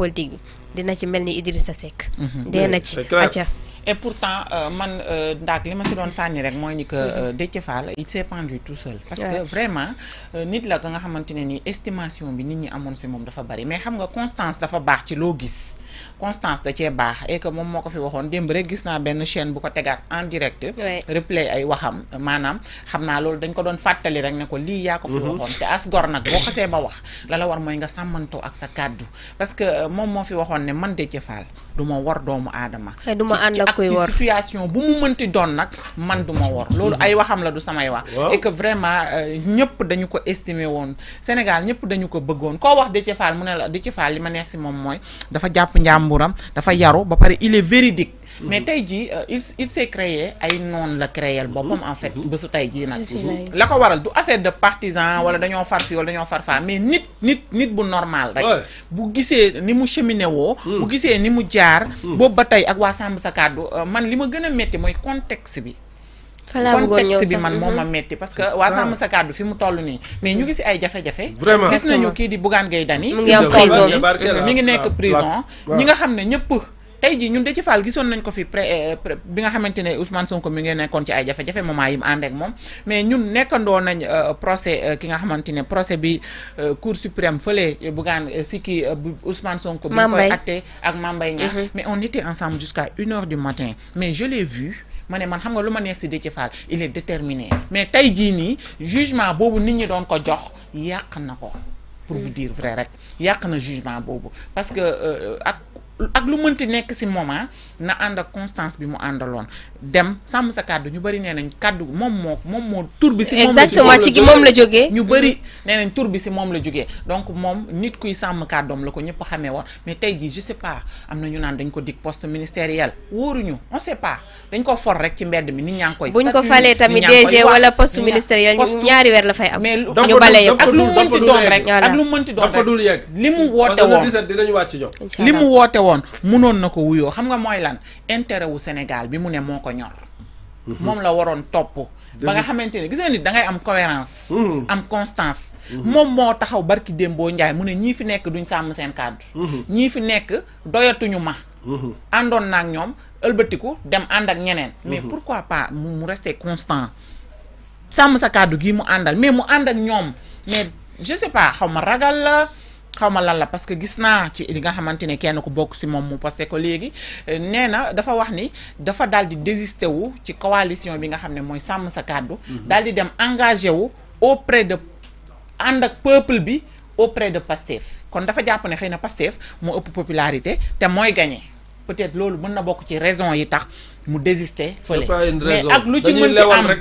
politique bi dina ci mel ni Idrissa Seck. Mhm. dee na ci acca et pourtant euh, man euh, ndaak li ma si doon sànni rek mooy euh, mhm. nit la ka nga xamante ni estimation bi nit ñi amoon si moom dafa bari mais xam nga constance dafa baax ci loo gis constance da cee baax et que moom moo ko fi waxoon démb rek gis naa benn chaîne bu ko tegaat en direct replay ay waxam maanaam xam naa loolu dañ ko doon fàttali rek ne ko lii yaa ko fi mhm. waxoon te as nag boo xasee ba wax la war mooy nga sàmmantoo ak sa kàddu parce que euh, moom moo fi waxoon ne man Déthié Fall du ma war doomu aadama du ma ànd ak koy war situation bu mu mënti doon nag man du ma war loolu ay waxam la du samay wax et que vraiment euh, ñëpp dañu ko estimer woon Sénégal ñëpp dañu ko bëggoon koo wax Déthié Fall mu ne la Déthié li ma neex si moom mooy dafa jàpp njàmburam dafa yaru ba pare il est véridique mais tey jii euh, il il s'est ay noon la créel boppam en fait bésu tey jii nag la ko waral du affaire de partisan wala dañoo far fii wala dañoo far faa mais nit nit nit bu normal rek bu gisee ni mu cheminé woo hmm. bu gisee ni mu jaar hmm. boobu ba tey ak waa sàmm sa kàddu euh, man li ma gën a métti mooy contexte bi contexte bi man moom ma metti parce que waa sàmm sa kàddu fi mu toll nii mais ñu ngi ay jafe-jafe vraiment gis nañu kii di ngi Gueye prison mi ngi nekk prison ñi nga xam ne ñëpp tey jii ñun de ci Fall gisoon nañ ko fi euh, pré bi nga xamante ne Ousmane Sonko mi ngi nekkoon ci ay jafe-jafe moment yi mu ànd ak moom mais ñun nekkandoo nañ euh, procès euh, ki nga xamante ne procès bi cour suprême fële bougan si ki Ousmane Sonko bi koy atte ak Mambay mais on était ensemble jusqu'à une heure du matin mais je l'ai vu ma ne man xam nga lu ma neex si Déthié Fall il est déterminé mais tey jii nii jugement boobu nit ñi doon ko jox yàq na ko pour vous mm. dire vrai rek yàq na jugement boobu parce que euh, ak ak lu mënti nek ci moment na and ak constance bi mu andalon dem sam sa kàddu ñu bari nenañ nañ mom moom mom mo tour tur ci mom exactement ci gi mom la joggé ñu bari mm-hmm. nenañ tour tur bi ci mom la joggé donc mom nit kuy sàmm kàddoom la ko ñep xamé won mais tay ji je sais pas amna ñu naan dañ ko dig poste ministériel ñu on sait pas dañ ko for rek ci mbéd mi nit ñang koy buñ ko falé tamit DG wala poste ministériel ñaari weer la fay am ñu balé yëpp ak lu mënti dom rek ak lu mënti doon rek li mu woote woon li mu won munoon nako wuyo xam nga moy lan intérêt wu Sénégal bi mu ne moo ñor mom mhm. la waron top ba nga xamanteni gis nga ni da ngay am cohérence mhm. am constance mom mhm. mo taxaw barki dembo ndjay mu ne ñii fi nek duñ sam sen cadre ñi fi nekk doyatuñu ma andon nak ñom dem and ak ñeneen mais pourquoi pas mu rester constant sam sa cadre gi mu andal mais mu and ak ñom mais je sais pas xawma ragal la xaw ma lan la parce que gis naa ci li nga xamante ni kenn ku bokk si moom mu posté ko léegi euh, nee na dafa wax ni dafa daal di désisté wu ci coalition bi nga xam ne mooy sàmm sa kàddu. Mhm. daal di dem engagé wu auprès de ànd ak peuple bi au auprès de Pastef kon dafa jàpp ne xëy na Pastef moo ëpp popularité te mooy gagné peut-être loolu mën na bokk ci raison yi tax mu désisté. fële mais ak lu ci mën am